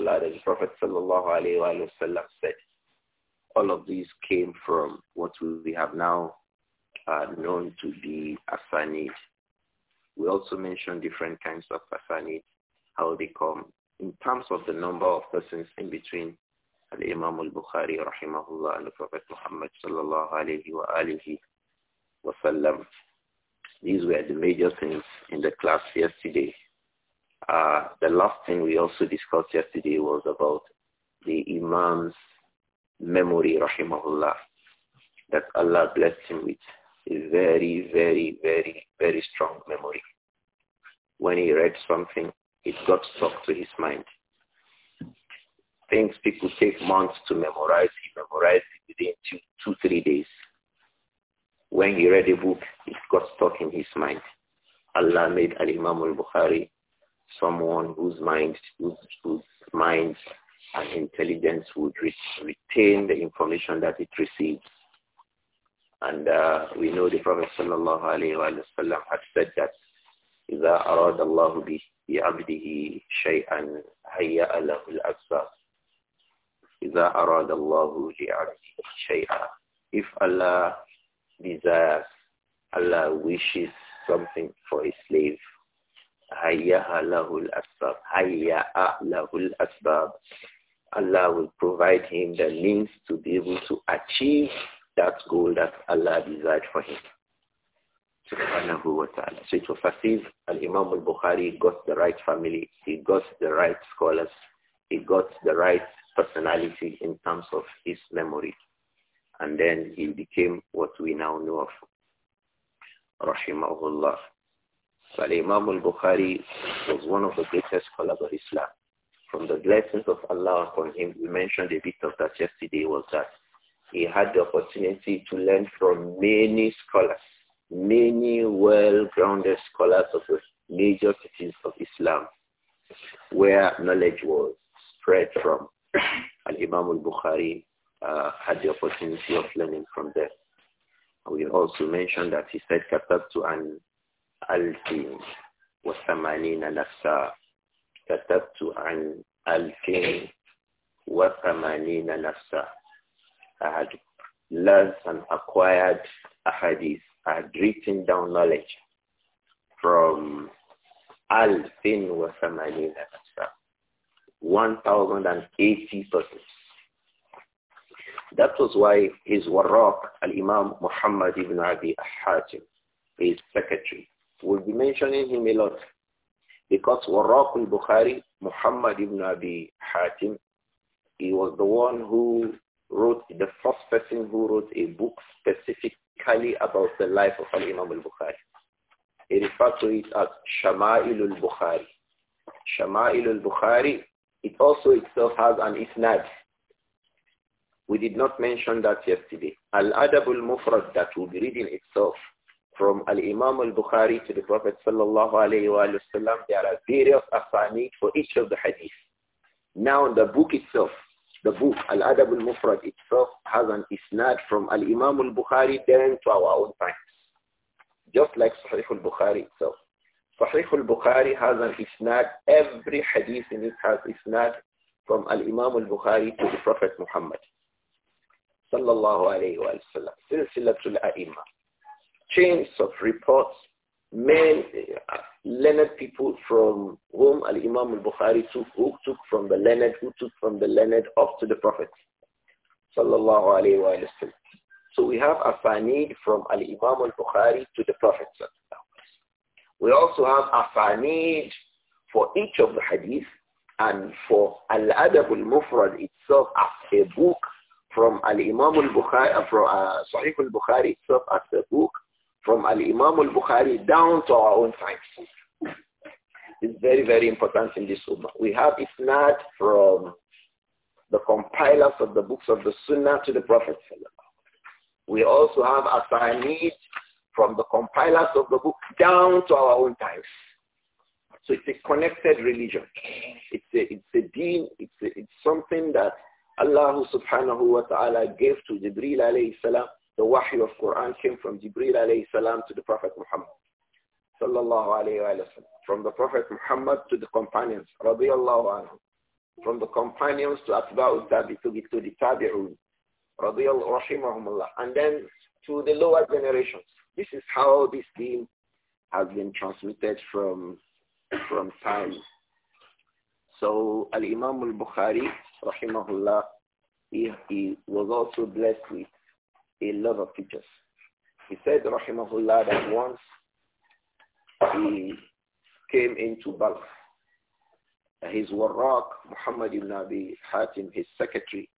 Allah the Prophet sallallahu said. All of these came from what we have now uh, known to be asanid. We also mentioned different kinds of asanid, how they come in terms of the number of persons in between Al-Imam al-Bukhari rahimahullah and the Prophet Muhammad sallallahu alayhi wa alihi wa sallam. These were the major things in the class yesterday. Uh, the last thing we also discussed yesterday was about the Imam's memory, rahimahullah, that Allah blessed him with a very, very, very, very strong memory. When he read something, it got stuck to his mind. Things people take months to memorize, he memorized it within two, two, three days. When he read a book, it got stuck in his mind. Allah made Al-Imam al-Bukhari someone whose mind, whose, whose mind and intelligence would re retain the information that it receives. And uh, we know the Prophet sallallahu alayhi wa had said that إِذَا أَرَادَ اللَّهُ بِعَبْدِهِ شَيْئًا هَيَّأَ لَهُ الْأَسْبَابِ إِذَا أَرَادَ اللَّهُ لِعَبْدِهِ شَيْئًا If Allah desires, Allah wishes something for his slave, Hayyaha lahul asbab. Hayyaha lahul asbab. Allah will provide him the means to be able to achieve that goal that Allah desired for him. Subhanahu wa ta'ala. So it was as if imam al-Bukhari got the right family, he got the right scholars, he got the right personality in terms of his memory. And then he became what we now know of. Rahimahullah. So Imam al-Bukhari was one of the greatest scholars of Islam. From the blessings of Allah upon him, we mentioned a bit of that yesterday, was that he had the opportunity to learn from many scholars, many well-grounded scholars of the major cities of Islam, where knowledge was spread from. And Imam al-Bukhari uh, had the opportunity of learning from them. We also mentioned that he said, to an." ألف وثمانين نفسا كتبت عن ألف وثمانين نفسا I had learned and acquired a I had written down knowledge from Alfin wa Samanina Nafsa, 1,080 persons. That was why his warraq, al-Imam Muhammad ibn Abi Hatim, his secretary, We'll be mentioning him a lot because Waraq al-Bukhari, Muhammad ibn Abi Hatim, he was the one who wrote, the first person who wrote a book specifically about the life of Al-Imam al-Bukhari. He referred to it as Shama'il al-Bukhari. Shama'il al-Bukhari, it also itself has an isnad. We did not mention that yesterday. Al-Adab al-Mufrad that we'll be reading itself from Al-Imam al-Bukhari to the Prophet sallallahu alayhi wa sallam, there are various asanid for each of the hadith. Now the book itself, the book Al-Adab al-Mufrad itself has an isnad from Al-Imam al-Bukhari then to our own times. Just like Sahih al-Bukhari itself. Sahih al-Bukhari has an isnad. Every hadith in it has isnad from Al-Imam al-Bukhari to the Prophet Muhammad. Sallallahu alayhi wa sallam. Silsilatul ai chains of reports, men, learned people from whom Al-Imam al-Bukhari took, who took from the learned, who took from the learned, up to the Prophet. Sallallahu alayhi wa So we have asanid from Al-Imam al-Bukhari to the Prophet. We also have asanid for each of the hadith and for Al-Adab al-Mufrad itself as a book from Al-Imam al-Bukhari, uh, from uh, Sahih al-Bukhari itself as a book from Al-Imam al-Bukhari down to our own times. It's very, very important in this Ummah. We have if not from the compilers of the books of the Sunnah to the Prophet. We also have need, from the compilers of the book down to our own times. So it's a connected religion. It's a, it's a deen. It's, a, it's something that Allah subhanahu wa ta'ala gave to Jibril alayhi salam the wahy of Quran came from Jibril alayhi salam to the Prophet Muhammad sallallahu alayhi wa From the Prophet Muhammad to the companions radiyallahu anhu. From the companions to Atba'u Tabi to, to the Tabi'un radiyallahu rahimahumullah. And then to the lower generations. This is how this deen has been transmitted from from time. So Al-Imam al-Bukhari rahimahullah he, he was also blessed with a lot of teachers. He said, Rahimahullah, that once he came into Balkh, his warraq, Muhammad ibn Abi Hatim, his secretary,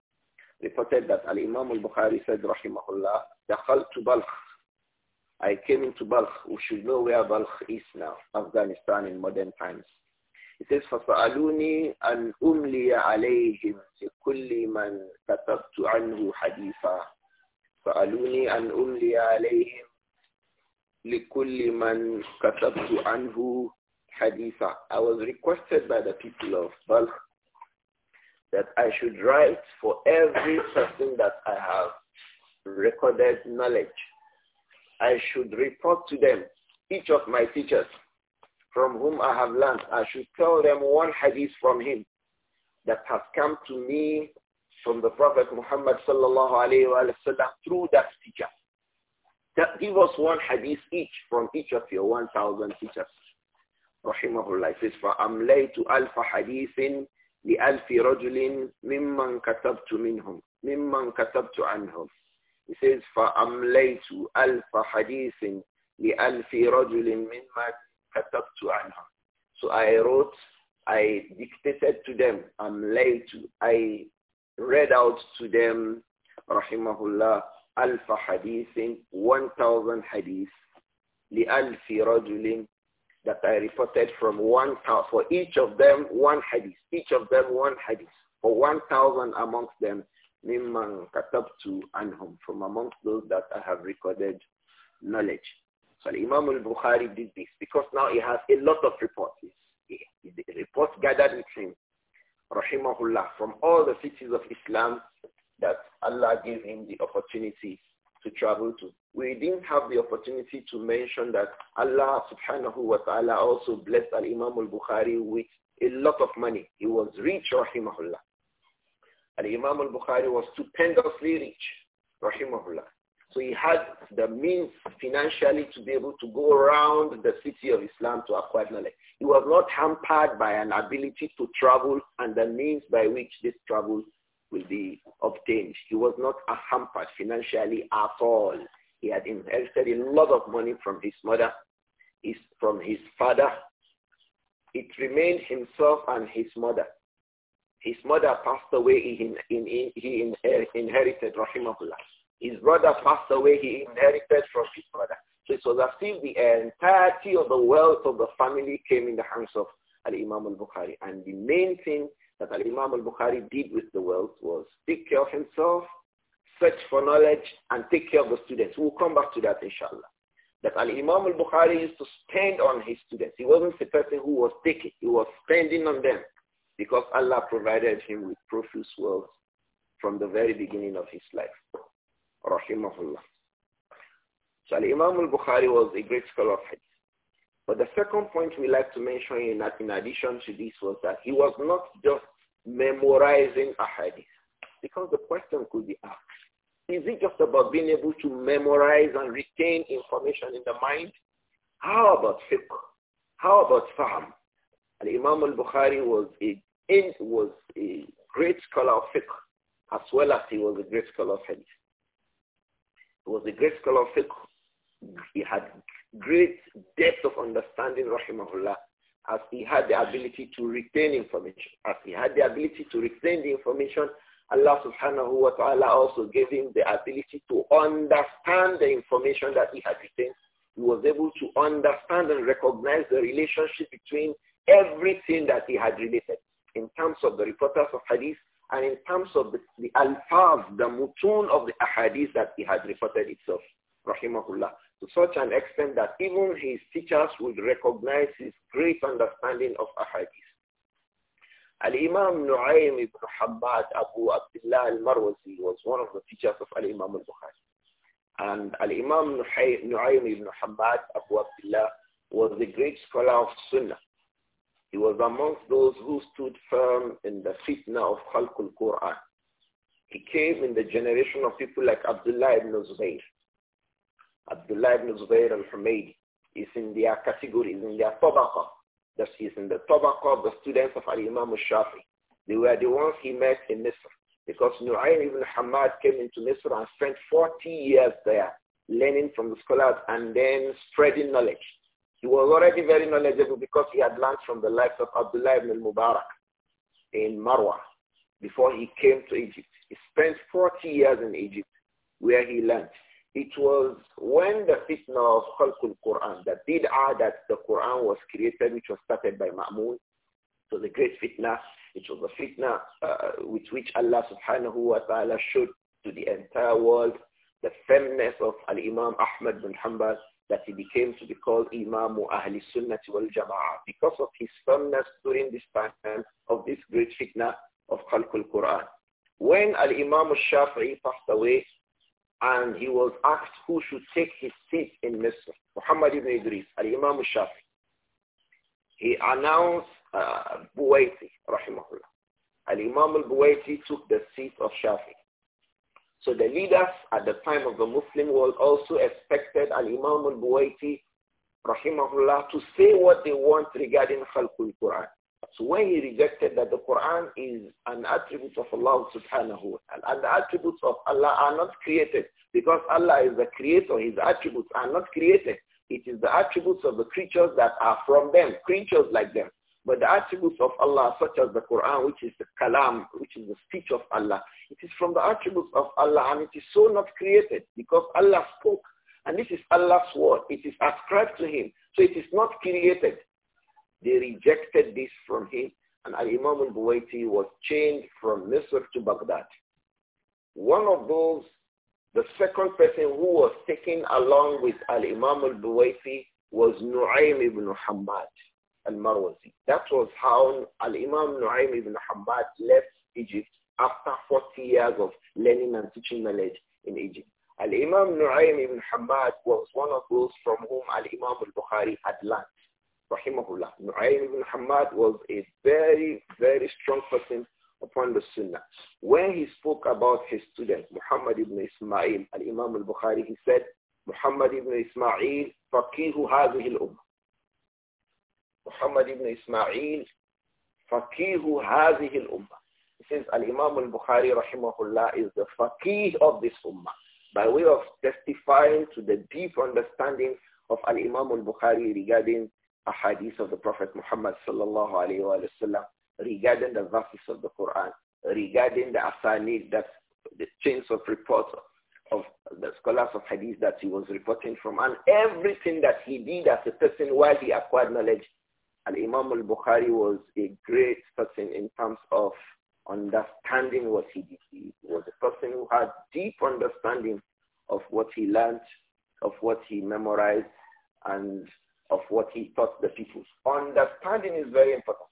reported that Al-Imam al-Bukhari said, Rahimahullah, دخلت Balkh. I came into Balkh. We should know where Balkh is now, Afghanistan in modern times. He says, فَسَأَلُونِي أَنْ أُمْلِيَ عَلَيْهِمْ لِكُلِّ مَنْ كَتَبْتُ عَنْهُ حَدِيثًا سألوني أن أملي عليهم لكل من كتبت عنه حديثا I was requested by the people of Balkh that I should write for every person that I have recorded knowledge. I should report to them, each of my teachers from whom I have learned. I should tell them one hadith from him that has come to me from the Prophet Muhammad sallallahu alayhi wa sallam through that teacher. give us one hadith each from each of your 1,000 teachers. Rahimahullah says, فَأَمْلَيْتُ أَلْفَ حَدِيثٍ لِأَلْفِ رَجُلٍ مِمَّنْ كَتَبْتُ مِنْهُمْ مِمَّنْ كَتَبْتُ عَنْهُمْ He says, فَأَمْلَيْتُ أَلْفَ حَدِيثٍ لِأَلْفِ رَجُلٍ مِمَّنْ كَتَبْتُ عَنْهُمْ So I wrote I dictated to them, I'm late, I read out to them, rahimahullah, alfa hadithin, 1,000 hadith, li alfi rajulin, that I reported from one for each of them one hadith, each of them one hadith, for 1,000 amongst them, mimman katabtu anhum, from amongst those that I have recorded knowledge. So Imam al-Bukhari did this because now he has a lot of reports. He, he, the reports gathered with him rahimahullah, from all the cities of Islam that Allah gave him the opportunity to travel to. We didn't have the opportunity to mention that Allah subhanahu wa ta'ala also blessed al-Imam al-Bukhari with a lot of money. He was rich, rahimahullah. Al-Imam al-Bukhari was stupendously rich, rahimahullah. So he had the means financially to be able to go around the city of Islam to acquire knowledge. He was not hampered by an ability to travel and the means by which this travel will be obtained. He was not hampered financially at all. He had inherited a lot of money from his mother, his, from his father. It remained himself and his mother. His mother passed away. He, he, he inherited, rahimahullah his brother passed away. He inherited from his brother. So it was as if the entirety of the wealth of the family came in the hands of Al-Imam al-Bukhari. And the main thing that Al-Imam al-Bukhari did with the wealth was take care of himself, search for knowledge, and take care of the students. We'll come back to that, inshallah. That Al-Imam al-Bukhari used to spend on his students. He wasn't the person who was taking. He was spending on them because Allah provided him with profuse wealth from the very beginning of his life rahimahullah. So Imam al-Bukhari was a great scholar of hadith. But the second point we like to mention in, in addition to this was that he was not just memorizing a hadith. Because the question could be asked, is it just about being able to memorize and retain information in the mind? How about fiqh? How about fahm? And Imam al-Bukhari was a, was a great scholar of fiqh as well as he was a great scholar of hadith. He was a great scholar of fiqh. He had great depth of understanding, rahimahullah, as he had the ability to retain information. As he had the ability to retain the information, Allah subhanahu wa ta'ala also gave him the ability to understand the information that he had retained. He was able to understand and recognize the relationship between everything that he had related in terms of the reporters of hadith and in terms of the, the alfaz, the mutun of the ahadith that he had reported itself, rahimahullah, to such an extent that even his teachers would recognize his great understanding of ahadith. Al-Imam Nu'aym ibn Hamad Abu Abdullah al-Marwazi was one of the teachers of Al-Imam al-Bukhari. And Al-Imam Nu'aym ibn Hamad Abu Abdullah was the great scholar of Sunnah. He was amongst those who stood firm in the fitna of Khalqul Quran. He came in the generation of people like Abdullah ibn Zubayr. Abdullah ibn Zubayr al-Humaydi is in their category, is in their tabaqah. That is in the tabaqah of the students of Al-Imam al-Shafi. They were the ones he met in Misr. Because Nu'ayn ibn Hamad came into Misr and spent 40 years there learning from the scholars and then spreading knowledge. He was already very knowledgeable because he had learned from the life of Abdullah ibn Mubarak in Marwa before he came to Egypt. He spent 40 years in Egypt where he learned. It was when the fitna of Khalqul Quran, the bid'ah that the Quran was created, which was started by Ma'mun, so the great fitna, it was the fitna uh, with which Allah subhanahu wa ta'ala showed to the entire world the firmness of Al-Imam Ahmad bin Hanbal that he became to be called Imam Ahli Sunnah wal Jama'ah because of his firmness during this time of this great fitna of Khalqul Quran. When Al-Imam Shafi'i passed away and he was asked who should take his seat in Misr, Muhammad ibn Idris, Al-Imam Shafi'i, he announced uh, Buwaiti, rahimahullah. Al-Imam al-Buwaiti took the seat of Shafi'i. So the leaders at the time of the Muslim world also expected Al-Imam al-Buwaiti, rahimahullah, to say what they want regarding Khalqul Quran. So when he rejected that the Quran is an attribute of Allah subhanahu wa ta'ala, and the attributes of Allah are not created because Allah is the creator, his attributes are not created. It is the attributes of the creatures that are from them, creatures like them. But the attributes of Allah, such as the Quran, which is the kalam, which is the speech of Allah, it is from the attributes of Allah and it is so not created because Allah spoke. And this is Allah's word. It is ascribed to him. So it is not created. They rejected this from him. And imam al-Buwaiti was chained from Misr to Baghdad. One of those, the second person who was taken along with Al-Imam al-Buwaiti was Nu'aym ibn Muhammad al-Marwazi. That was how Al-Imam Nu'aym ibn Hamad left Egypt after 40 years of learning and teaching knowledge in Egypt. Al-Imam Nu'aym ibn Hamad was one of those from whom Al-Imam al-Bukhari had learned. Rahimahullah. Nu'aym ibn Hamad was a very, very strong person upon the Sunnah. When he spoke about his student, Muhammad ibn Ismail, Al-Imam al-Bukhari, he said, Muhammad ibn Ismail, faqihu hadhihi al-ummah. Muhammad ibn Ismail, faqihu hadhihi al-ummah. He says Al-Imam al-Bukhari rahimahullah is the faqih of this ummah by way of testifying to the deep understanding of Al-Imam al-Bukhari regarding a hadith of the Prophet Muhammad sallallahu alayhi wa sallam, regarding the verses of the Quran, regarding the asanid, that the chains of reports of the scholars of hadith that he was reporting from, and everything that he did as a person while he acquired knowledge Al-Imam al-Bukhari was a great person in terms of understanding what he did. He was a person who had deep understanding of what he learned, of what he memorized, and of what he taught the people. Understanding is very important.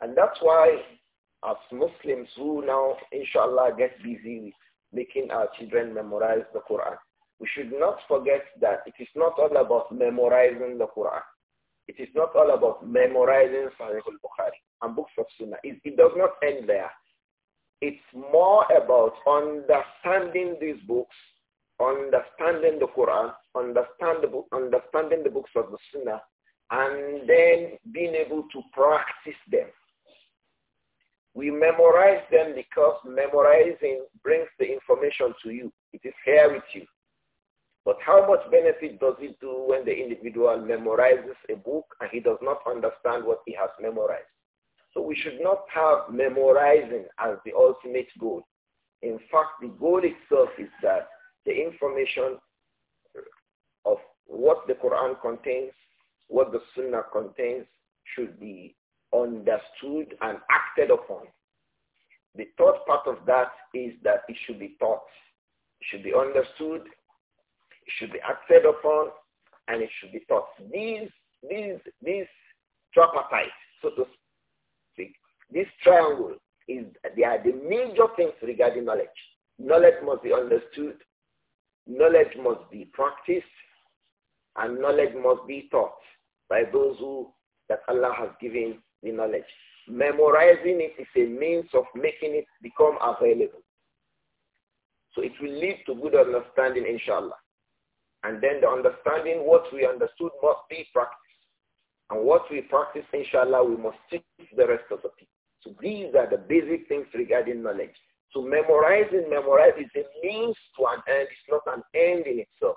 And that's why as Muslims who now, inshallah, get busy making our children memorize the Quran, we should not forget that it is not all about memorizing the Quran. It is not all about memorizing Sahih al-Bukhari and books of Sunnah. It, it does not end there. It's more about understanding these books, understanding the Quran, understand the book, understanding the books of the Sunnah, and then being able to practice them. We memorize them because memorizing brings the information to you. It is here with you. But how much benefit does it do when the individual memorizes a book and he does not understand what he has memorized? So we should not have memorizing as the ultimate goal. In fact, the goal itself is that the information of what the Quran contains, what the Sunnah contains, should be understood and acted upon. The third part of that is that it should be taught, it should be understood, it should be acted upon and it should be taught. These, these, these tripartite, so to speak, this triangle is they are the major things regarding knowledge. Knowledge must be understood, knowledge must be practiced, and knowledge must be taught by those who that Allah has given the knowledge. Memorizing it is a means of making it become available. So it will lead to good understanding, inshallah. And then the understanding what we understood must be practiced. And what we practice, inshallah, we must teach the rest of the people. So these are the basic things regarding knowledge. So memorizing, memorize is a means to an end. It's not an end in itself.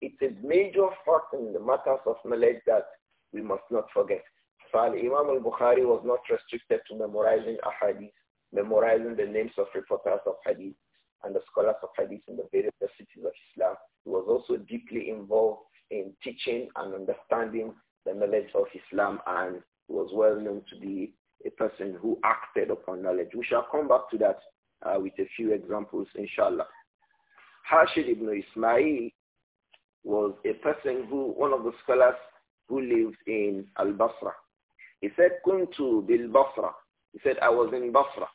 It's a major fact in the matters of knowledge that we must not forget. So Imam al-Bukhari was not restricted to memorizing ahadith, memorizing the names of reporters of hadith and the scholars of hadith in the various cities of Islam. He was also deeply involved in teaching and understanding the knowledge of Islam and was well known to be a person who acted upon knowledge. We shall come back to that uh, with a few examples, inshallah. Hashid ibn Ismail was a person who, one of the scholars who lived in Al-Basra. He said, Kuntu bil Basra. He said, I was in Basra.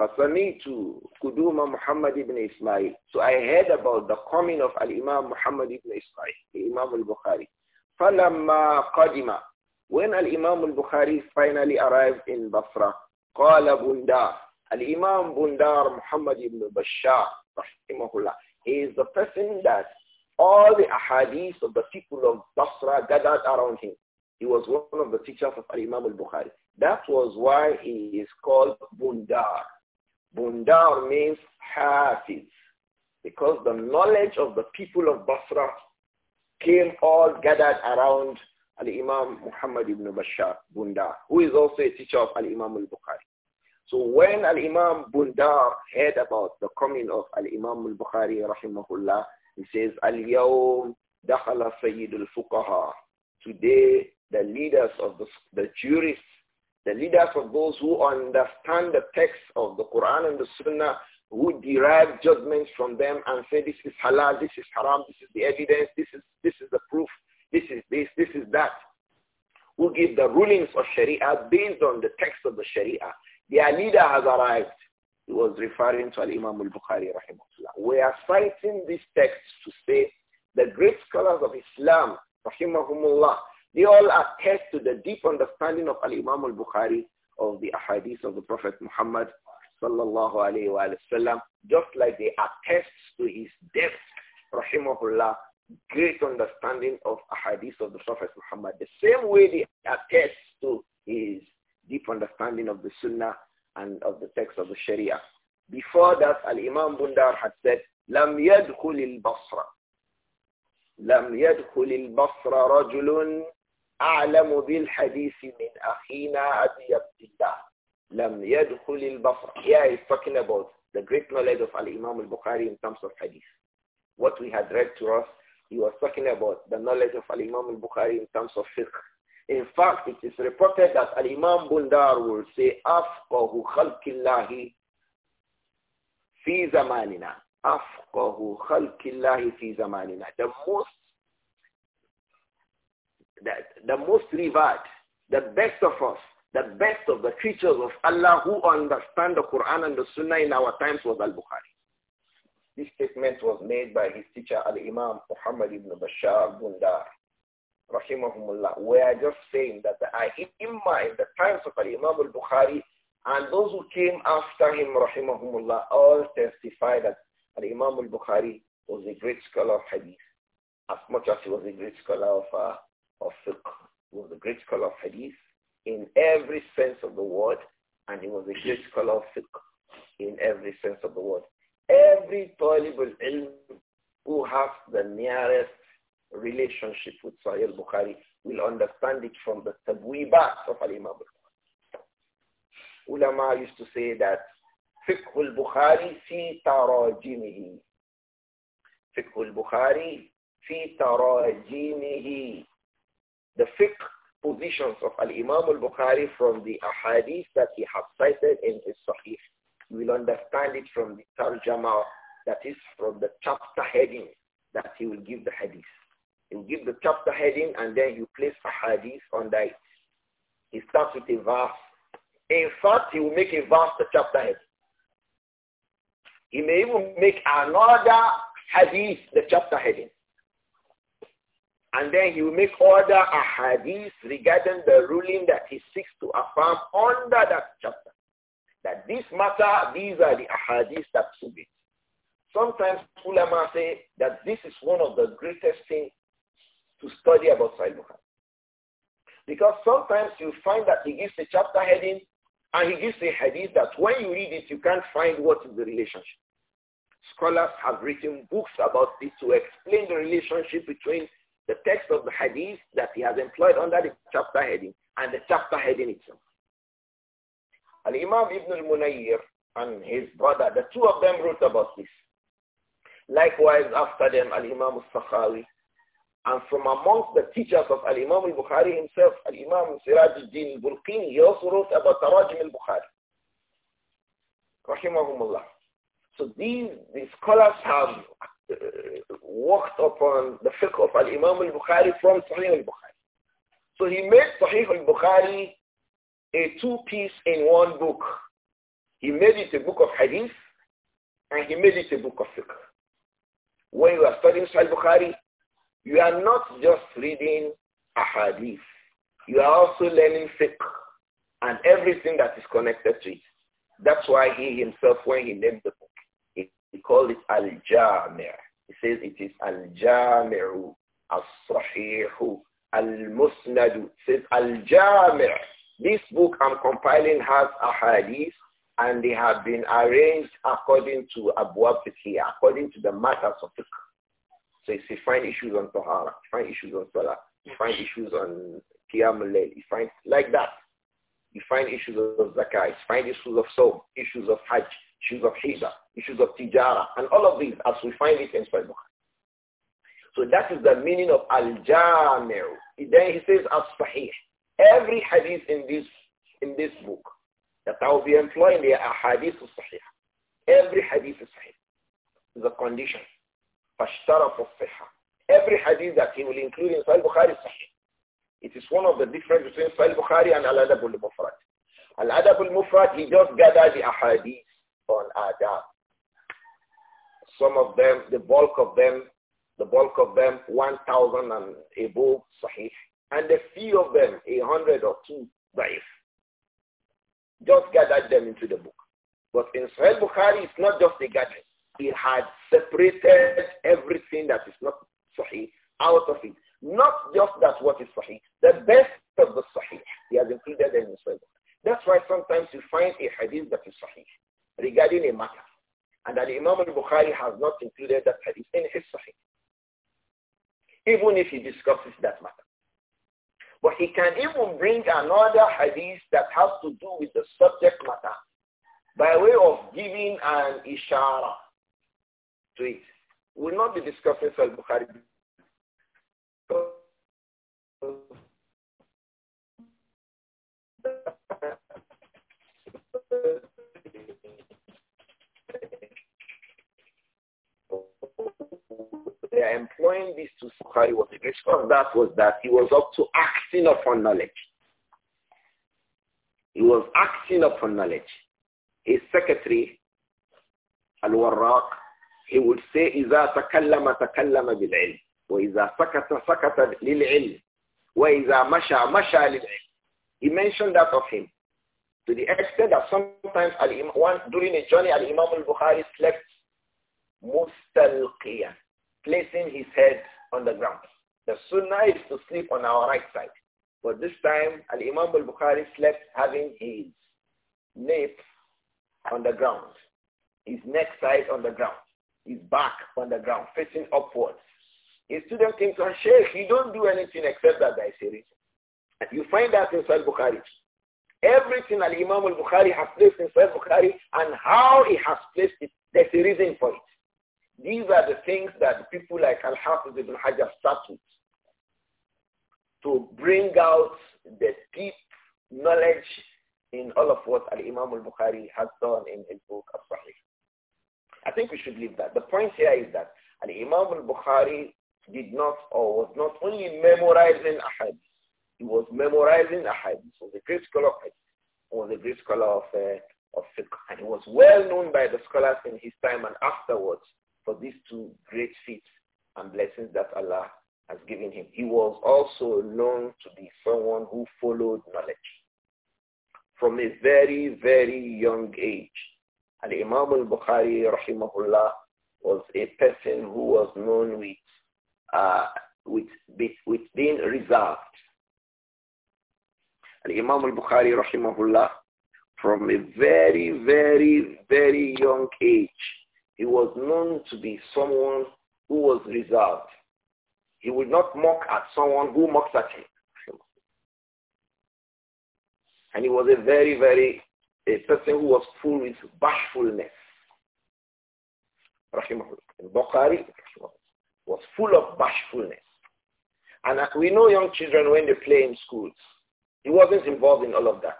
Fasamitu Kuduma Muhammad ibn Ismail. So I heard about the coming of Al-Imam Muhammad ibn Ismail, Imam al-Bukhari. فَلَمَّا قَدِمَ When Al-Imam al-Bukhari finally arrived in Basra, قَالَ بُنْدَارٍ Al-Imam Bundar Muhammad ibn Bashar, rahimahullah, he is the person that all the ahadith of the people of Basra gathered around him. He was one of the teachers of Al-Imam al-Bukhari. That was why he is called Bundar. Bundar means Hafiz. Because the knowledge of the people of Basra came all gathered around Al-Imam Muhammad ibn Bashar Bundar, who is also a teacher of Al-Imam al-Bukhari. So when Al-Imam Bundar heard about the coming of Al-Imam al-Bukhari rahimahullah, he says, Al-Yawm dakhala Sayyid al-Fuqaha. Today, the leaders of the, the jurists the leaders of those who understand the text of the Quran and the Sunnah, who derive judgments from them and say this is halal, this is haram, this is the evidence, this is, this is the proof, this is this, this is that, who give the rulings of Sharia based on the text of the Sharia. Their leader has arrived. He was referring to Al-Imam al-Bukhari rahimahullah. We are citing these texts to say the great scholars of Islam rahimahumullah, they all attest to the deep understanding of Al-Imam al-Bukhari of the ahadith of the Prophet Muhammad sallallahu alayhi wa sallam, just like they attest to his depth, rahimahullah, great understanding of ahadith of the Prophet Muhammad. The same way they attest to his deep understanding of the Sunnah and of the text of the Sharia. Before that, Al-Imam Bundar had said, لم يدخل Lam لم يدخل البصرة رجل أعلم بالحديث من أخينا أبي عبد الله لم يدخل البصر Yeah, is talking about the great knowledge of Al-Imam al-Bukhari in terms of hadith. What we had read to us, he was talking about the knowledge of Al-Imam al-Bukhari in terms of fiqh. In fact, it is reported that Al-Imam Bundar will say, أَفْقَهُ خَلْقِ اللَّهِ فِي زَمَانِنَا أَفْقَهُ خَلْقِ اللَّهِ فِي زَمَانِنَا The most the, the most revered, the best of us, the best of the creatures of Allah who understand the Quran and the Sunnah in our times was Al-Bukhari. This statement was made by his teacher Al-Imam Muhammad ibn Bashar Bundar. Rahimahumullah. We are just saying that the Aimma in the times of Al-Imam Al-Bukhari and those who came after him, Rahimahumullah, all testify that Al-Imam Al-Bukhari was a great scholar of Hadith as much as he was a great scholar of uh, of fiqh. He was a great scholar of hadith in every sense of the word, and he was a great scholar of fiqh in every sense of the word. Every talib al-ilm who has the nearest relationship with Sahih Bukhari will understand it from the tabweebat of Al-Imam Ulama used to say that Fiqh al-Bukhari fi tarajimihi. Fiqh al-Bukhari fi tarajimihi the fiqh positions of Al-Imam al-Bukhari from the ahadith that he has cited in his Sahih. You will understand it from the tarjama, that is from the chapter heading that he will give the hadith. He will give the chapter heading and then you place a hadith under it. He starts with a verse. In fact, he will make a verse the chapter heading. He may even make another hadith the chapter heading. And then he will make other ahadith regarding the ruling that he seeks to affirm under that chapter. That this matter, these are the ahadith that prove it. Sometimes ulama say that this is one of the greatest things to study about Sahih Bukhari. Because sometimes you find that he gives a chapter heading and he gives a hadith that when you read it, you can't find what is the relationship. Scholars have written books about this to explain the relationship between the text of the hadith that he has employed under the chapter heading and the chapter heading itself. And Imam Ibn al-Munayyir and his brother, the two of them wrote about this. Likewise, after them, Al-Imam al-Sakhawi. And from amongst the teachers of Al-Imam al-Bukhari himself, Al-Imam Siraj al-Din al-Bulqini, he also wrote about Tarajim al-Bukhari. Rahimahumullah. So these, these scholars have worked upon the fiqh of al-Imam al-Bukhari from Sahih al-Bukhari. So he made Sahih al-Bukhari a two-piece in one book. He made it a book of hadith and he made it a book of fiqh. When you are studying Sahih al-Bukhari, you are not just reading a hadith. You are also learning fiqh and everything that is connected to it. That's why he himself, when he named the he called it al jamah He says it is al-jami'u as-sahihu al-musnadu. says al jamah This book I'm compiling has a hadith and they have been arranged according to Abu Bakr, according to the matters of fiqh. So you find issues on Tahara, you find issues on Salah, you find issues on Qiyam you find like that. You find issues of Zakah, you find issues of Sawm, issues of Hajj, issues of Hiba, issues of Tijara, and all of these as we find it in Sahih So that is the meaning of Al-Jami'u. Then he says As-Sahih. Every hadith in this, in this book that I will be employing the hadith is Sahih. Every hadith is Sahih. The condition. فَاشْتَرَفُ الصِّحَّةِ Every hadith that he will include in Sahih Bukhari is Sahih. It is one of the difference between Sahih Bukhari and Al-Adab al-Mufrad. Al-Adab al-Mufrad, he just gathered the ahadith on adab. Some of them, the bulk of them, the bulk of them, 1,000 and above sahih. And a few of them, a hundred or two daif. Just gathered them into the book. But in Sahih Bukhari, it's not just a gathering. He had separated everything that is not sahih out of it. Not just that what is sahih. The best of the sahih, he has included in Sahih That's why sometimes you find a hadith that is sahih regarding a matter. And that Imam al-Bukhari has not included that hadith in his Sahih. Even if he discusses that matter. But he can even bring another hadith that has to do with the subject matter by way of giving an ishara to it. We'll not be discussing Sahih Bukhari employing this to Bukhari was the great of that was that he was up to acting upon knowledge. He was acting upon knowledge. His secretary, Al-Warraq, he would say, إِذَا تَكَلَّمَ تَكَلَّمَ بِالْعِلْمِ وَإِذَا سَكَتَ سَكَتَ لِلْعِلْمِ وَإِذَا مَشَى مَشَى لِلْعِلْمِ He mentioned that of him. To the extent that sometimes one, during a journey, Al-Imam al-Bukhari slept mustalqiyan placing his head on the ground. The sunnah is to sleep on our right side. But this time, Al-Imam al-Bukhari slept having his nape on the ground, his neck side on the ground, his back on the ground, facing upwards. His student came to him, Sheikh, you don't do anything except that there is a reason. You find that in Sahih Bukhari. Everything Al-Imam al-Bukhari has placed in Sahih Bukhari and how he has placed it, there's a reason for it. These are the things that people like Al-Hafiz ibn Hajar started to bring out the deep knowledge in all of what Al-Imam al-Bukhari has done in his book of Sahih. I think we should leave that. The point here is that Al-Imam al-Bukhari did not or was not only memorizing hadith, he was memorizing ahadith, he was a great scholar of hadith, was a great scholar of, uh, of fiqh, and he was well known by the scholars in his time and afterwards for these two great feats and blessings that Allah has given him. He was also known to be someone who followed knowledge. From a very, very young age, and Imam al-Bukhari, rahimahullah, was a person who was known with, uh, with, with being reserved. And Imam al-Bukhari, rahimahullah, from a very, very, very young age, he was known to be someone who was reserved. He would not mock at someone who mocks at him. And he was a very, very, a person who was full with bashfulness. And Bukhari was full of bashfulness. And we know young children when they play in schools, he wasn't involved in all of that.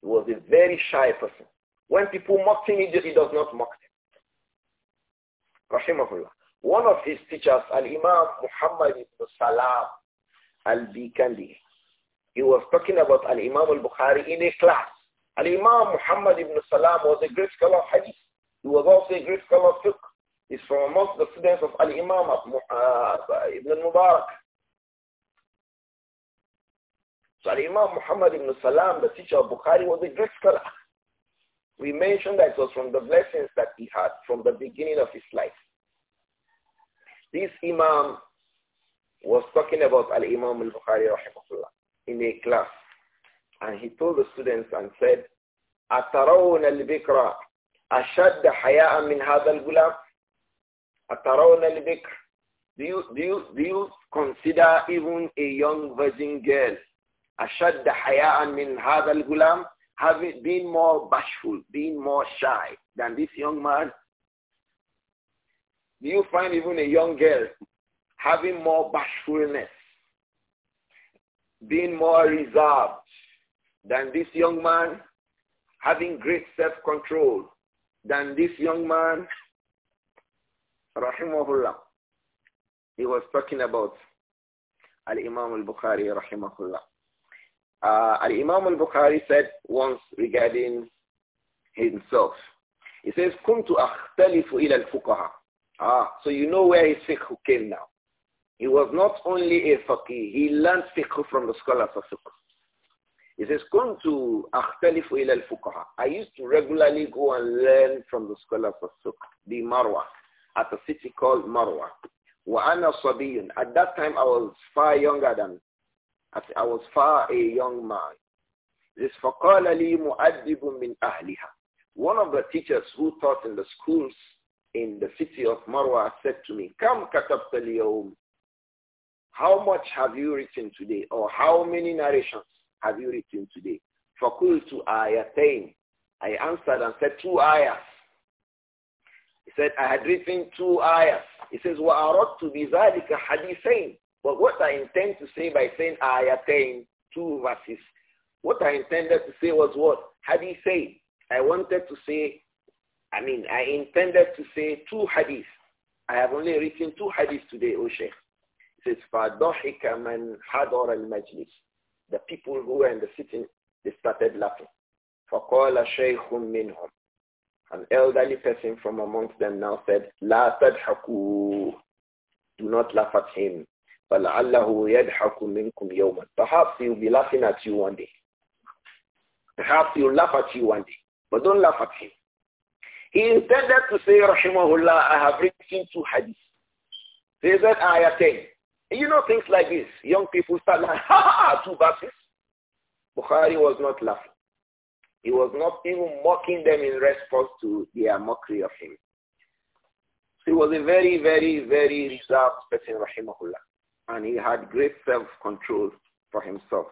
He was a very shy person. When people mock him, he does not mock them. Rahimahullah. One of his teachers, Al-Imam Muhammad ibn Salam al-Bikandi, he was talking about Al-Imam al-Bukhari in a class. Al-Imam Muhammad ibn Salam was a great scholar of hadith. He was also a great scholar of fiqh. He's from amongst the students of Al-Imam uh, ibn mubarak So Al-Imam Muhammad ibn Salam, the teacher of Bukhari, was a great scholar. We mentioned that it was from the blessings that he had from the beginning of his life. This Imam was talking about Al-Imam al-Bukhari rahimahullah in a class. And he told the students and said, أَتَرَوْنَ الْبِكْرَ أَشَدَّ حَيَاءً مِنْ هَذَا الْغُلَامِ أَتَرَوْنَ الْبِكْرَ do you, do, you, do you consider even a young virgin girl أَشَدَّ حَيَاءً مِنْ هَذَا gulam?" having been more bashful, being more shy than this young man? Do you find even a young girl having more bashfulness, being more reserved than this young man, having great self-control than this young man? Rahimahullah. He was talking about Al-Imam al-Bukhari, rahimahullah. Uh, Imam al-Bukhari said once regarding himself. He says, كنت أختلف إلى الفقهاء. Ah, so you know where his fiqh came now. He was not only a faqih, he learned fiqh from the scholars of fiqh. He says, كنت ila al الفقهاء. I used to regularly go and learn from the scholars of fiqh, the Marwa, at a city called Marwa. وأنا صبي. At that time I was far younger than as I was far a young man. This فَقَالَ لِي مُؤَدِّبٌ مِّنْ أَهْلِهَا One of the teachers who taught in the schools in the city of Marwa said to me, Come كَتَبْتَ How much have you written today? Or how many narrations have you written today? فَقُلْتُ آيَتَيْنِ I answered and said, two ayahs. He said, I had written two ayahs. He says, وَأَرَدْتُ بِذَلِكَ saying?" But what I intend to say by saying attained two verses, what I intended to say was what? Hadith say. I wanted to say, I mean, I intended to say two hadiths. I have only written two hadiths today, O Sheikh. It says, فَضَحِكَ مَنْ حَضَرَ الْمَجْلِسِ The people who were in the sitting, they started laughing. فَقَالَ شَيْخٌ مِّنْهُمْ An elderly person from amongst them now said, لَا تَضْحَكُوا Do not laugh at him. Perhaps he'll be laughing at you one day. Perhaps he'll laugh at you one day. But don't laugh at him. He intended to say, Rahimahullah, I have written two hadiths. He said, "I 10. You know things like this. Young people start like, ha ha, two verses. Bukhari was not laughing. He was not even mocking them in response to their mockery of him. He was a very, very, very reserved person, Rahimahullah and he had great self-control for himself.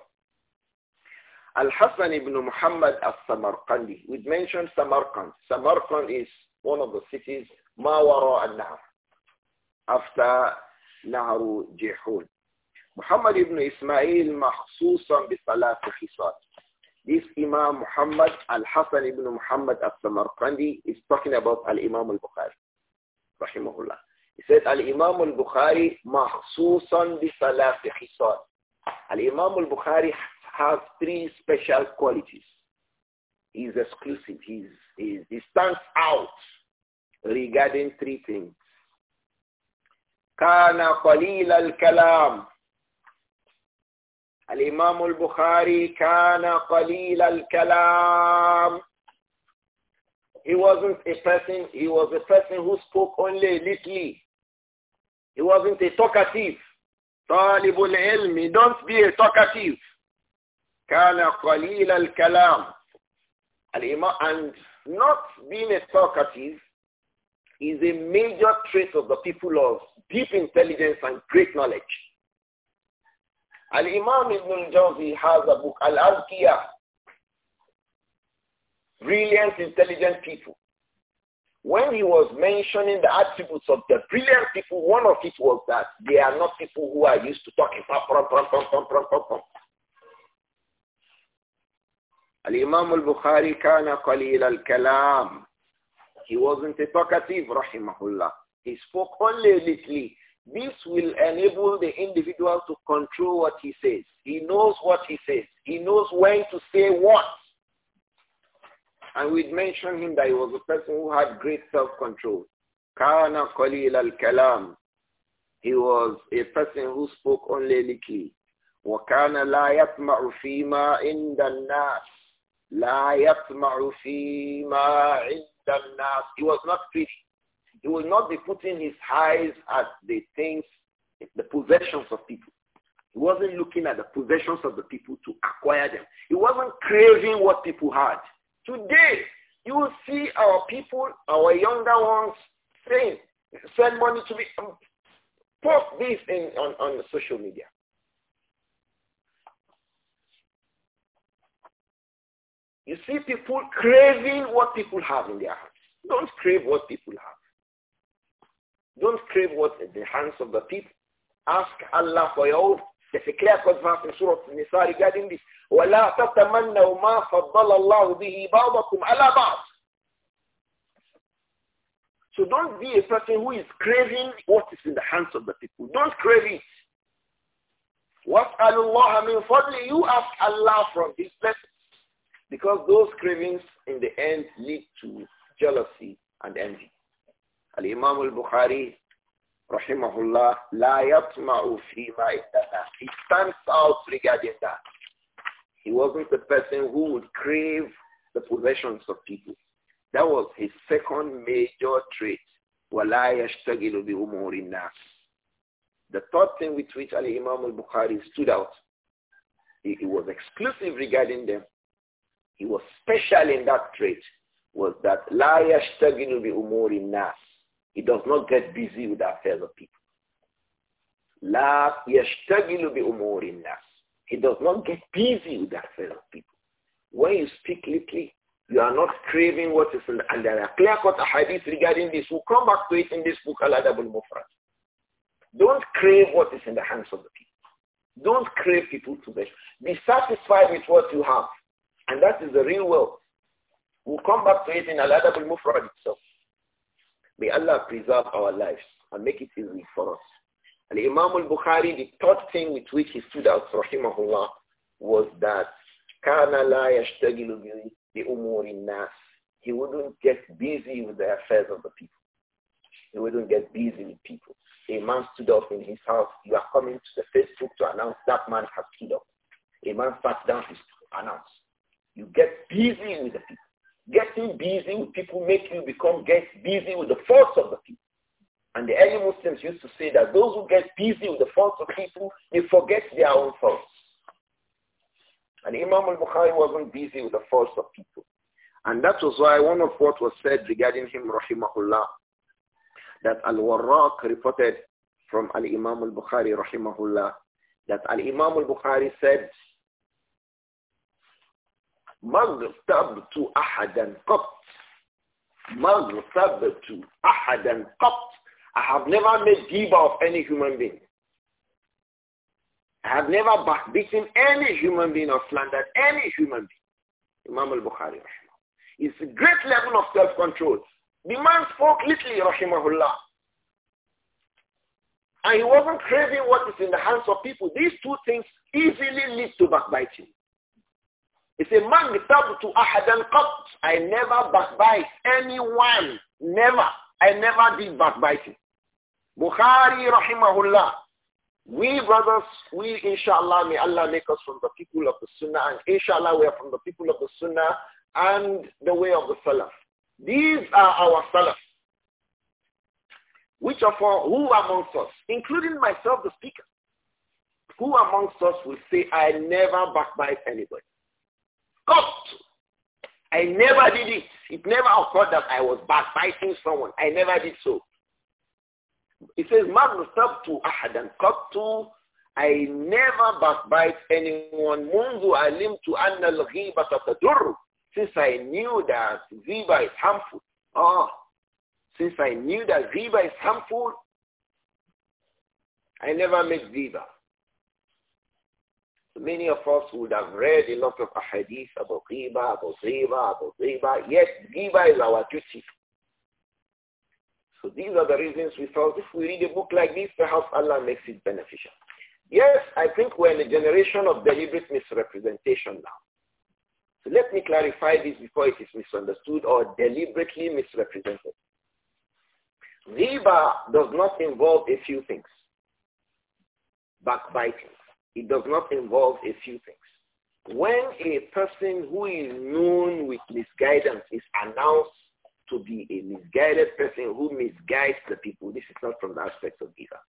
Al-Hassan ibn Muhammad al-Samarqandi. We mentioned Samarkand. Samarkand is one of the cities Mawara al-Nahr, after Nahru Jihun. Muhammad ibn Ismail مخصوصا بثلاث خصال. This Imam Muhammad al-Hassan ibn Muhammad al-Samarqandi is talking about Al-Imam al-Bukhari. Rahimahullah. He says, Al-Imam al-Bukhari mahsusan bi salafi khisal. Al-Imam al-Bukhari has three special qualities. He's exclusive. He's, he's, he stands out regarding three things. Kana qalil al-kalam. Al-Imam al-Bukhari kana qalil al-kalam. He wasn't a person, he was a person who spoke only little. He wasn't a talkative. Talibul ilmi. Don't be a talkative. كان قليل الكلام. And not being a talkative is a major trait of the people of deep intelligence and great knowledge. Al-Imam Ibn al-Jawzi has a book, Al-Azkiyah. Brilliant, intelligent people. When he was mentioning the attributes of the brilliant people, one of it was that they are not people who are used to talking. Al-Imam al-Bukhari kana qalil al-kalam. He wasn't a talkative, rahimahullah. He spoke only little. This will enable the individual to control what he says. He knows what he says. He knows when to say what. And we'd mentioned him that he was a person who had great self-control. Kana al-kalam. He was a person who spoke only little. وكان لا يطمع عند الناس لا يطمع عند الناس he was not greedy he will not be putting his eyes at the things the possessions of people he wasn't looking at the possessions of the people to acquire them he wasn't craving what people had Today, you will see our people, our younger ones, saying, send money to me. Um, post this in, on, on social media. You see people craving what people have in their hands. Don't crave what people have. Don't crave what the hands of the people. Ask Allah for your own. وَلَا تَتَمَنَّوْا مَا فَضَّلَ اللَّهُ بِهِ بَعْضَكُمْ عَلَى بَعْضٍ So don't be a person who is craving what is in the hands of the people. Don't crave it. What Allah مِنْ فَضْلِ You ask Allah from His blessings. Because those cravings in the end lead to jealousy and envy. Al-Imam al-Bukhari rahimahullah, la yatma'u fima He stands out regarding that. He wasn't the person who would crave the possessions of people. That was his second major trait. وَلَا يَشْتَغِلُ بِأُمُورِ النَّاسِ The third thing with which Ali imam al-Bukhari stood out, he, he was exclusive regarding them. He was special in that trait, was that لَا يَشْتَغِلُ بِأُمُورِ النَّاسِ he does not get busy with the affairs of people. La yashtagilu bi umurin nas. He does not get busy with the affairs of people. When you speak little, you are not craving what is in the, and there are clear-cut hadith regarding this. We'll come back to it in this book, aladabul mufrad Don't crave what is in the hands of the people. Don't crave people to be. Be satisfied with what you have. And that is the real world. We'll come back to it in aladabul adab mufrad itself. May Allah preserve our lives and make it easy for us. And Imam al-Bukhari, the third thing with which he stood out, rahimahullah, was that كَانَ لَا يَشْتَغِلُ بِأُمُورِ النَّاسِ He wouldn't get busy with the affairs of the people. He wouldn't get busy with people. A man stood up in his house. You are coming to the Facebook to announce that man has stood up. A man sat down to announce. You get busy with the people. Getting busy with people make you become get busy with the faults of the people. And the early Muslims used to say that those who get busy with the faults of people, they forget their own faults. And Imam al-Bukhari wasn't busy with the faults of people. And that was why one of what was said regarding him, rahimahullah, that Al-Warraq reported from Al-Imam al-Bukhari, rahimahullah, that Al-Imam al-Bukhari said, مغتبت أحدا قط مغتبت أحدا قط I have never made diva of any human being. I have never backbeaten any human being or slandered any human being. Imam al-Bukhari, It's a great level of self-control. The man spoke literally, rahimahullah. And he wasn't craving what is in the hands of people. These two things easily lead to backbiting. It's a man to ahadan qat. I never backbite anyone. Never. I never did backbiting. Bukhari rahimahullah. We brothers, we inshallah, may Allah make us from the people of the sunnah and inshallah we are from the people of the sunnah and the way of the salaf. These are our salaf. Which of all, who amongst us, including myself the speaker, who amongst us will say, I never backbite anybody? stopped. I never did it. It never occurred that I was backbiting someone. I never did so. It says, Magnus to Ahadan Qattu. I never backbite anyone. Mundu alim to anna al Since I knew that ziba is harmful. Oh, since I knew that ziba is harmful, I never make ziba. Many of us would have read a lot of ahadith about riba, about riba, about riba. Yes, riba is our duty. So these are the reasons we thought if we read a book like this, perhaps Allah makes it beneficial. Yes, I think we're in a generation of deliberate misrepresentation now. So let me clarify this before it is misunderstood or deliberately misrepresented. Riba does not involve a few things. Backbiting, it does not involve a few things. When a person who is known with misguidance is announced to be a misguided person who misguides the people, this is not from the aspect of Iman.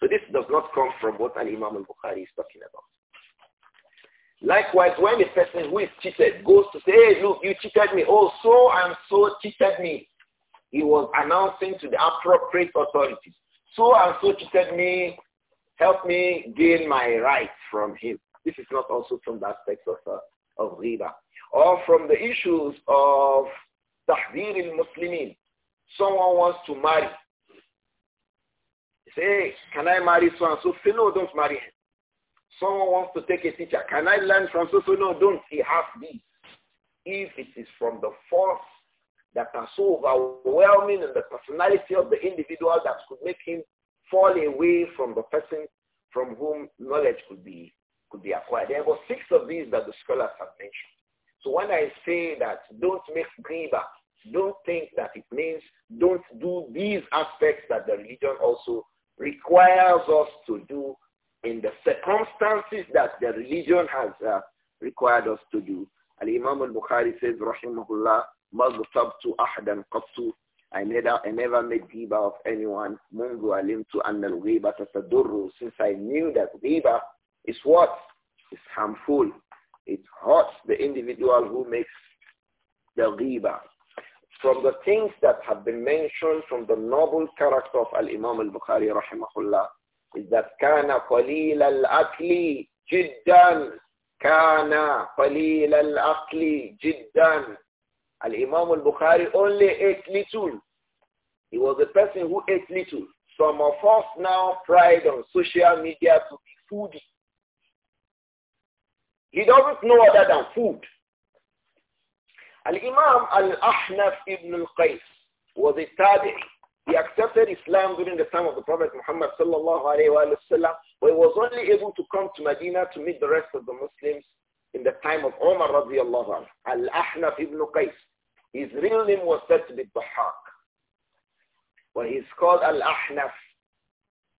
So this does not come from what Al-Imam al-Bukhari is talking about. Likewise, when a person who is cheated goes to say, hey, look, you cheated me. Oh, so and so cheated me. He was announcing to the appropriate authorities. So and so cheated me Help me gain my rights from him. This is not also from the aspect of, uh, of riba. Or from the issues of tahdir al-Muslimin. Someone wants to marry. Say, hey, can I marry so and so? Say, no, don't marry him. Someone wants to take a teacher. Can I learn from so so? No, don't. He has this. If it is from the force that are so overwhelming in the personality of the individual that could make him fall away from the person from whom knowledge could be, could be acquired. There were six of these that the scholars have mentioned. So when I say that don't make riba, don't think that it means don't do these aspects that the religion also requires us to do in the circumstances that the religion has uh, required us to do. Al-Imam al-Bukhari says, Rahimahullah, مَغْتَبْتُ I never, I never made riba of anyone. Mungu alim alimtu annal riba tatadurru. Since I knew that riba is what? It's harmful. It hurts the individual who makes the riba. From the things that have been mentioned from the noble character of Al-Imam Al-Bukhari rahimahullah is that kana qalil al-akli jiddan. Kana qalil al-akli jiddan. Al-Imam al-Bukhari only ate little. He was a person who ate little. Some of us now pride on social media to be foodie. He doesn't know other than food. Al-Imam al-Ahnaf ibn al-Qais was a tabi'i. He accepted Islam during the time of the Prophet Muhammad sallallahu alayhi but he was only able to come to Medina to meet the rest of the Muslims in the time of Umar radiallahu anhu. Al-Ahnaf ibn Qais. His real name was said to be Bahak. But he's called Al-Ahnaf.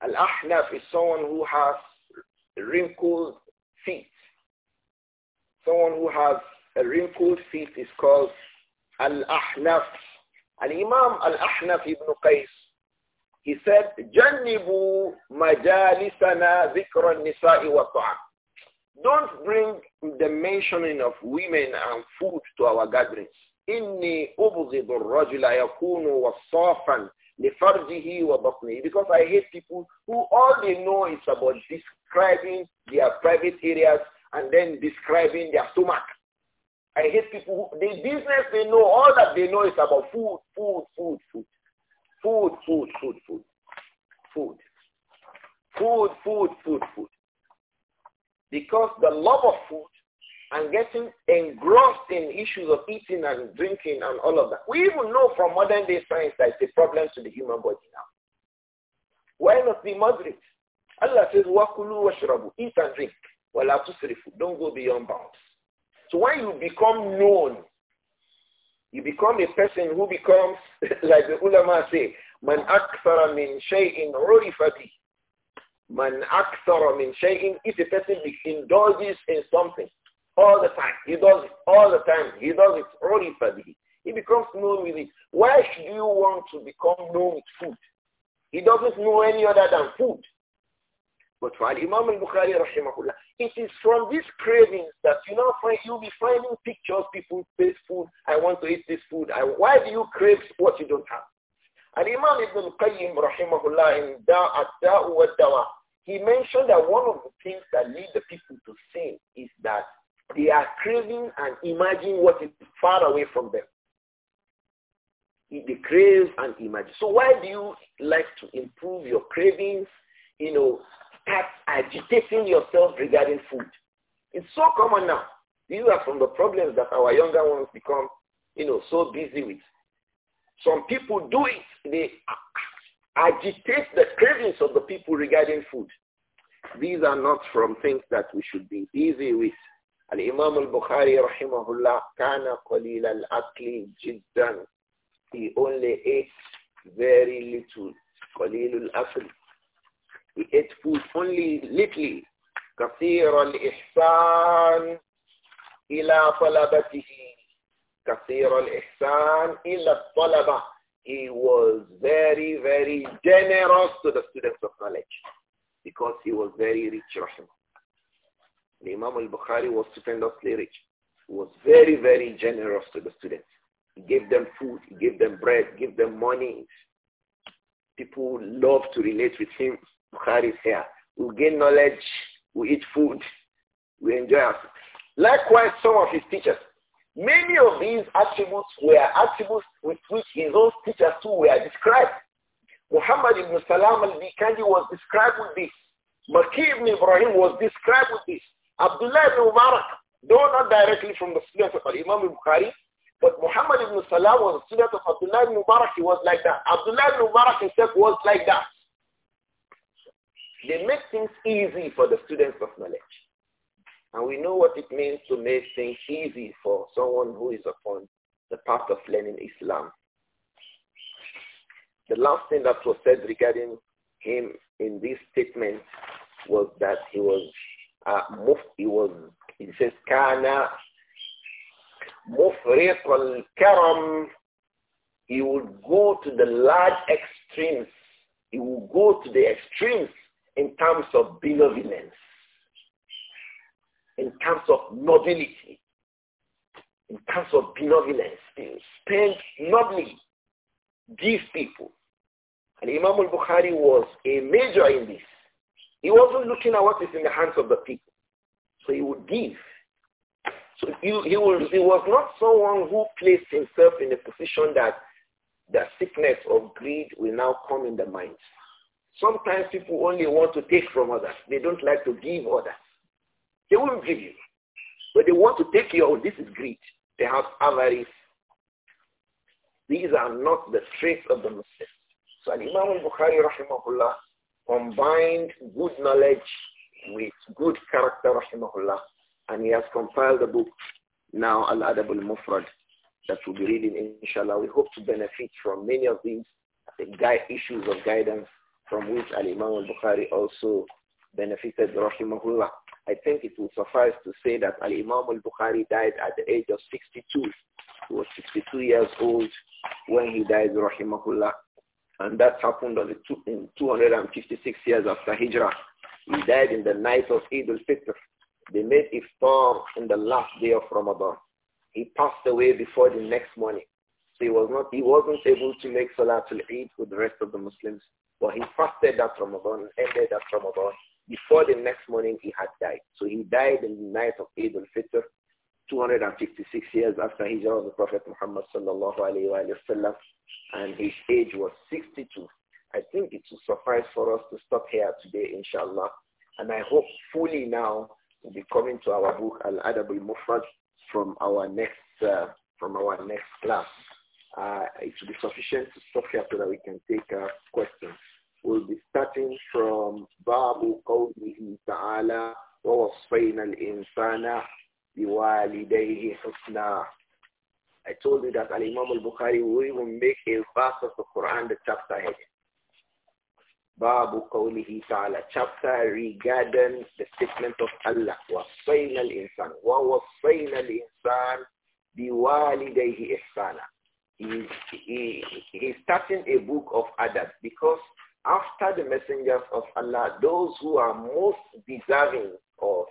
Al-Ahnaf is someone who has wrinkled feet. Someone who has a wrinkled feet is called Al-Ahnaf. Al-Imam Al-Ahnaf ibn Qais, he said, جَنِّبُوا مَجَالِسَنَا ذِكْرَ النِّسَاءِ وَطَعَمْ Don't bring the mentioning of women and food to our gatherings. إِنِّي أُبْغِضُ الرَّجُلَ يَكُونُ وَصَّافًا لِفَرْجِهِ وَبَطْنِهِ Because I hate people who all they know is about describing their private areas and then describing their stomach. I hate people who, the business they know, all that they know is about food, food, food, food. Food, food, food, food. Food. Food, food, food, food. Because the love of food and getting engrossed in issues of eating and drinking and all of that. We even know from modern day science that it's a problem to the human body now. Why not be moderate? Allah says, Wakulu washrabu, eat and drink. Wala tusrifu, don't go beyond bounds. So when you become known, you become a person who becomes, like the ulama say, man akthara min shay'in urifati. Man akthara min shay'in, if a person indulges in something, all the time. He does it all the time. He does it only for bihi. He becomes known with it. Why should you want to become known with food? He doesn't know any other than food. But while Imam al-Bukhari rahimahullah, it is from these cravings that you now find, you'll be finding pictures, people taste food, I want to eat this food. I, why do you crave what you don't have? And Imam Ibn al-Qayyim rahimahullah in Da'at he mentioned that one of the things that lead the people to sin is that they are craving and imagining what is far away from them. They crave and imagine. So why do you like to improve your cravings? You know, start agitating yourself regarding food. It's so common now. These are from the problems that our younger ones become, you know, so busy with. Some people do it. They agitate the cravings of the people regarding food. These are not from things that we should be easy with. الإمام البخاري رحمه الله كان قليل الأكل جدا he only ate very little قليل الأكل he ate food only little كثير الإحسان إلى طلبته كثير الإحسان إلى الطلبة he was very very generous to the students of knowledge because he was very rich رحمه The Imam al-Bukhari was tremendously rich. He was very, very generous to the students. He gave them food, he gave them bread, gave them money. People love to relate with him. Bukhari is here. We gain knowledge, we eat food, we enjoy ourselves. Likewise, some of his teachers, many of these attributes were attributes with which his own teachers too were described. Muhammad ibn Salam al-Bikandi was described with this. Maki ibn Ibrahim was described with this. Abdullah ibn Mubarak, though not directly from the students of Imam Bukhari, but Muhammad ibn Salam was a student of Abdullah ibn Mubarak. He was like that. Abdullah ibn Mubarak himself was like that. They make things easy for the students of knowledge. And we know what it means to make things easy for someone who is upon the path of learning Islam. The last thing that was said regarding him in this statement kana mufriq al-karam, he would go to the large extremes. He would go to the extremes in terms of benevolence, in terms of nobility, in terms of benevolence. He spent nobly, give people. And Imam al-Bukhari was a major in this. He wasn't looking at what is in the hands of the people. So he would give. So he, he, was, he was not someone who placed himself in a position that the sickness of greed will now come in the mind. Sometimes people only want to take from others. They don't like to give others. They won't give you. But they want to take your own. This is greed. They have avarice. These are not the traits of the Muslim. So Imam Bukhari rahimahullah combined good knowledge with good character rahimahullah and he has compiled a book now, al Adabul mufrad that we'll be reading, inshallah. We hope to benefit from many of these issues of guidance from which Al-Imam al-Bukhari also benefited, rahimahullah. I think it will suffice to say that Al-Imam al-Bukhari died at the age of 62. He was 62 years old when he died, rahimahullah. And that happened on the two, in 256 years after Hijrah. He died in the night of Eid al-Fitr, they made iftar in the last day of Ramadan. He passed away before the next morning. So he was not, he wasn't able to make Salatul Eid with the rest of the Muslims. But he fasted that Ramadan, ended that Ramadan. Before the next morning, he had died. So he died in the night of Eid al-Fitr, 256 years after Hijrah of the Prophet Muhammad sallallahu alayhi wa, sallam, and his age was 62. I think it will suffice for us to stop here today, inshallah. And I hope fully now will be coming to our book Al-Adab al-Mufrad from our next uh, from our next class. Uh, it will be sufficient to stop here so that we can take our uh, questions. We'll be starting from Babu قوله تعالى ووصينا الإنسان بوالديه Husna. I told you that Al-Imam al-Bukhari will even make a verse of the Quran the chapter heading. Babu qawlihi ta'ala, chapter regarding the statement of Allah, وَصَيْنَا الْإِنسَانَ وَوَصَيْنَا insan بِوَالِدَيْهِ إِحْسَانًا he, he, he's starting a book of adab because after the messengers of Allah, those who are most deserving of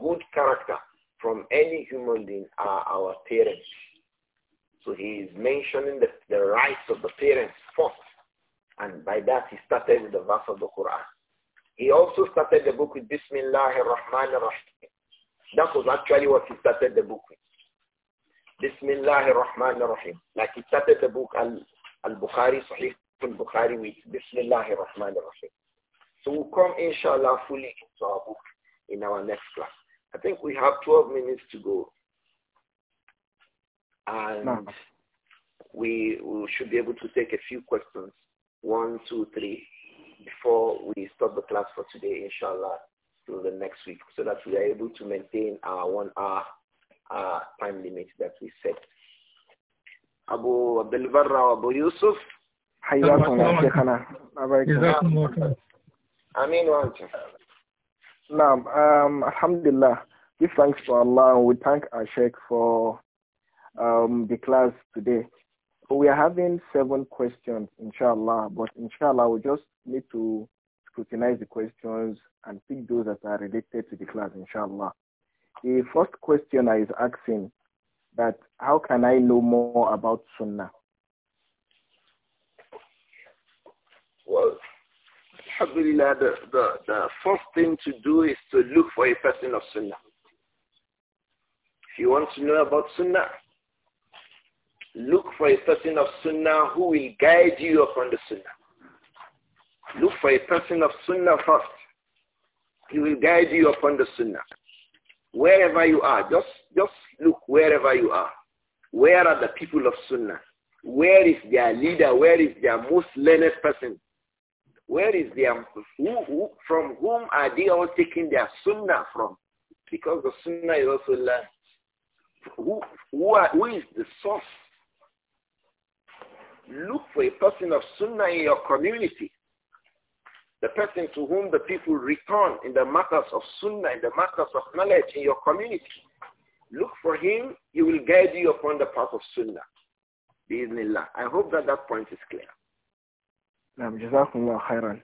good character from any human being are our parents. So he is mentioning the, the rights of the parents first. And by that he started with the verse of the Quran. He also started the book with Bismillah ar-Rahman ar-Rahim. That was actually what he started the book with. Bismillah ar-Rahman ar-Rahim. Like he started the book Al-Bukhari, Sahih al-Bukhari with Bismillah ar-Rahman ar-Rahim. So we'll come inshallah fully into our book in our next class. I think we have 12 minutes to go. And no. we, we should be able to take a few questions one, two, three, before we stop the class for today, inshallah, till the next week, so that we are able to maintain our one hour uh, time limit that we set. Abu Abdul Barra, Abu Yusuf. حياكم um, alhamdulillah give thanks to Allah we thank our sheikh for um, the class today we are having seven questions, inshallah, but inshallah we just need to scrutinize the questions and pick those that are related to the class, inshallah. The first question is asking that how can I know more about Sunnah? Well, alhamdulillah, the, the, the first thing to do is to look for a person of Sunnah. If you want to know about Sunnah, Look for a person of Sunnah who will guide you upon the Sunnah. Look for a person of Sunnah first. He will guide you upon the Sunnah. Wherever you are, just, just look wherever you are. Where are the people of Sunnah? Where is their leader? Where is their most learned person? Where is their, who, who, from whom are they all taking their Sunnah from? Because the Sunnah is also learned. Who, who, are, who is the source Look for a person of sunnah in your community. The person to whom the people return in the matters of sunnah, in the matters of knowledge in your community. Look for him. He will guide you upon the path of sunnah. Bismillah. I hope that that point is clear. Jazakumullah khairan.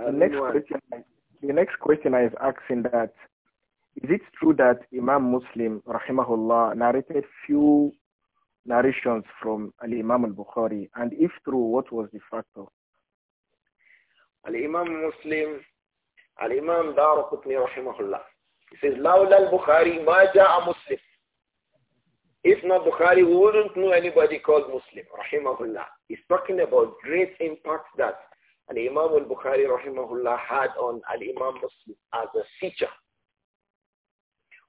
The next question, I is asking that is it true that Imam Muslim, rahimahullah, narrated few narrations from Al-Imam al-Bukhari and if true, what was the factor? Al-Imam Muslim, Al-Imam Darqutni rahimahullah. He says, Al Bukhari, ما جاء Muslim." If not Bukhari, we wouldn't know anybody called Muslim, rahimahullah. He's talking about great impact that Al-Imam al-Bukhari rahimahullah had on Al-Imam Muslim as a teacher.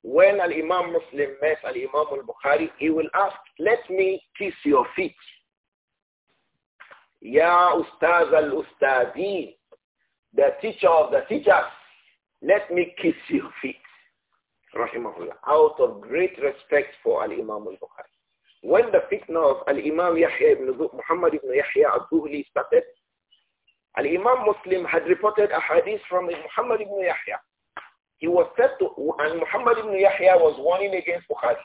When Al-Imam Muslim met Al-Imam al-Bukhari, he will ask, let me kiss your feet. Ya Ustaz al-Ustadi, the teacher of the teachers, let me kiss your feet. Rahimahullah. Out of great respect for Al-Imam al-Bukhari. When the fitna of Al-Imam Yahya ibn Muhammad ibn Yahya al started, Al-Imam Muslim had reported a hadith from Muhammad ibn Yahya he was said to, and Muhammad ibn Yahya was warning against Bukhari.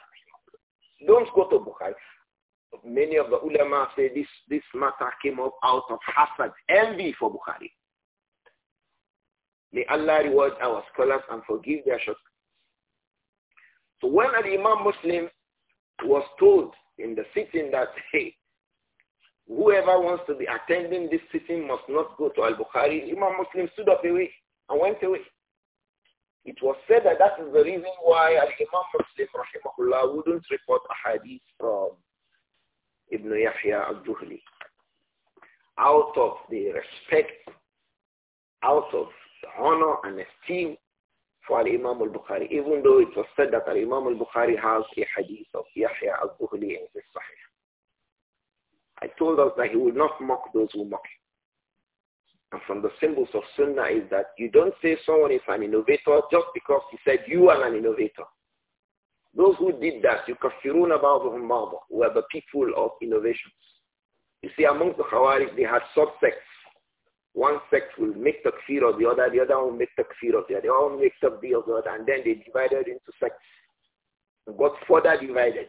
Don't go to Bukhari. Many of the ulama say this, this matter came up out of hasad, envy for Bukhari. May Allah reward our scholars and forgive their shortcomings. So when an Imam Muslim was told in the sitting that, hey, whoever wants to be attending this sitting must not go to Al-Bukhari, Imam Muslim stood up away and went away. It was said that that is the reason why Al-Imam Muslim rahimahullah wouldn't report a hadith from Ibn Yahya al-Juhli out of the respect, out of honor and esteem for Al-Imam al-Bukhari, even though it was said that Al-Imam al-Bukhari has a hadith of Yahya al-Bukhari in the Sahih. I told us that he would not mock those who mock him from the symbols of sunnah is that you don't say someone is an innovator just because he said you are an innovator. Those who did that, you kafiruna ba'dhum were the people of innovations. You see, amongst the Khawarij, they had subsects. One sect will make takfir of the other, the other will make takfir of the other, they all make takfir of the other, and then they divided into sects. Got further divided.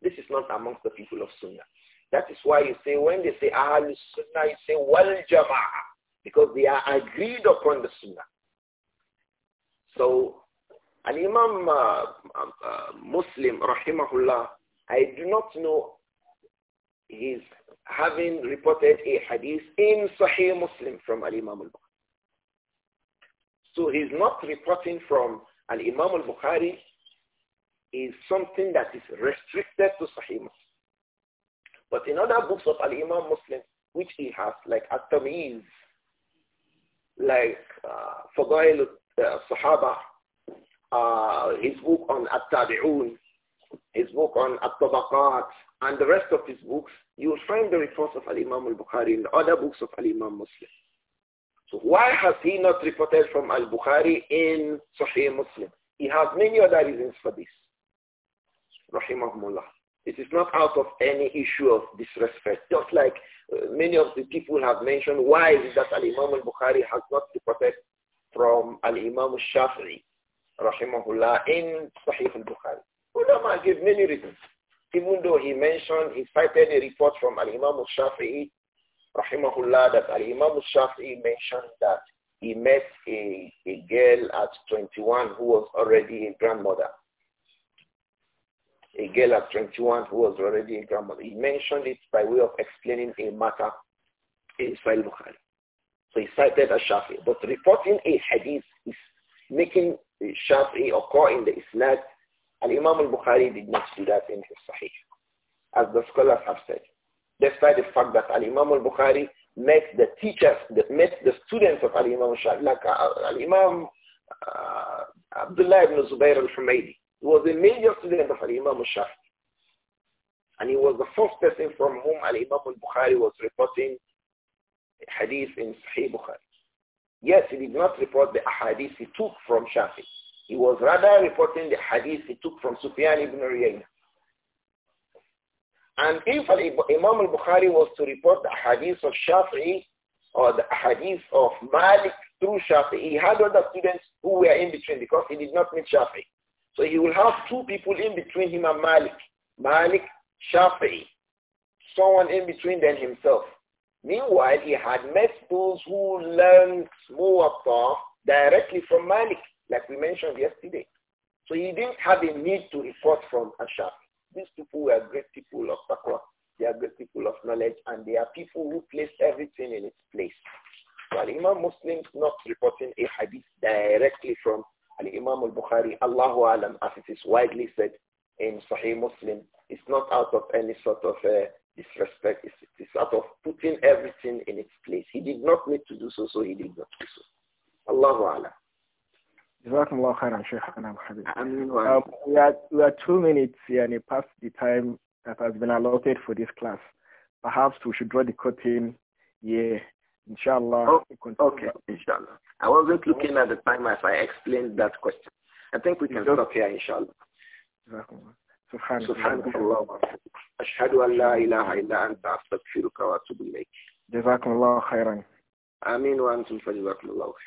This is not amongst the people of Sunnah. That is why you say when they say al Sunnah, you say Wal Jama'ah because they are agreed upon the Sunnah. So an Imam uh, um, uh, Muslim, rahimahullah, I do not know he's having reported a hadith in Sahih Muslim from Al-Imam al-Bukhari. So he's not reporting from Al-Imam al-Bukhari is something that is restricted to Sahih Muslim. But in other books of Al-Imam Muslim, which he has, like At-Tamiz, like uh, Fadail uh, Sahaba, uh, his book on At-Tabi'un, his book on At-Tabaqat, and the rest of his books, you will find the reports of Al-Imam al-Bukhari in the other books of Al-Imam Muslim. So why has he not reported from Al-Bukhari in Sahih Muslim? He has many other reasons for this. Rahimahumullah. It is not out of any issue of disrespect. Just like uh, many of the people have mentioned, why is it that Al-Imam al-Bukhari has not to protect from Al-Imam al-Shafi'i, rahimahullah, in Sahih al-Bukhari? Ulama gave many reasons. Even though he mentioned, he cited a report from Al-Imam al-Shafi'i, rahimahullah, that Al-Imam al-Shafi'i mentioned that he met a, a girl at 21 who was already a grandmother a girl at 21 who was already a grandmother. He mentioned it by way of explaining a matter in Sahih Bukhari. So he cited a Shafi. But reporting a hadith is making Shafi occur in the Islam. And imam al-Bukhari did not do that in his Sahih, as the scholars have said. Despite the fact that Al-Imam al-Bukhari met the teachers, met the students of Al-Imam Shafi, like uh, Al-Imam uh, Abdullah ibn Zubayr al-Humaydi he was a major student of Al-Imam al-Shafi. And he was the first person from whom Al-Imam al-Bukhari was reporting hadith in Sahih Bukhari. Yes, he did not report the hadith he took from Shafi. He was rather reporting the hadith he took from Sufyan ibn Uyayna. And if Imam al-Bukhari was to report the hadith of Shafi'i or the hadith of Malik through Shafi'i, he had other students who were in between because he did not meet Shafi'i. So he will have two people in between him and Malik. Malik Shafi'i. Someone in between than himself. Meanwhile, he had met those who learned Muwatta directly from Malik, like we mentioned yesterday. So he didn't have a need to report from Ashafi. These people were great people of Taqwa. They are great people of knowledge, and they are people who place everything in its place. While Imam Muslims not reporting a hadith directly from Al-Imam al-Bukhari, Allahu Alam, as it is widely said in Sahih Muslim, it's not out of any sort of uh, disrespect. It's, it's out of putting everything in its place. He did not need to do so, so he did not do so. Allahu Alam. Jazakum Allah um, we, are, we are two minutes here and it past the time that has been allotted for this class. Perhaps we should draw the curtain here Inshallah. Oh, okay, inshallah. I wasn't looking at the time as I explained that question. I think we can stop here, inshallah. Subhanallah. Ashhadu an la ilaha illa anta إلا أنت أستغفرك وأتوب إليك khairan. Amin wa antum وأنتم فجزاكم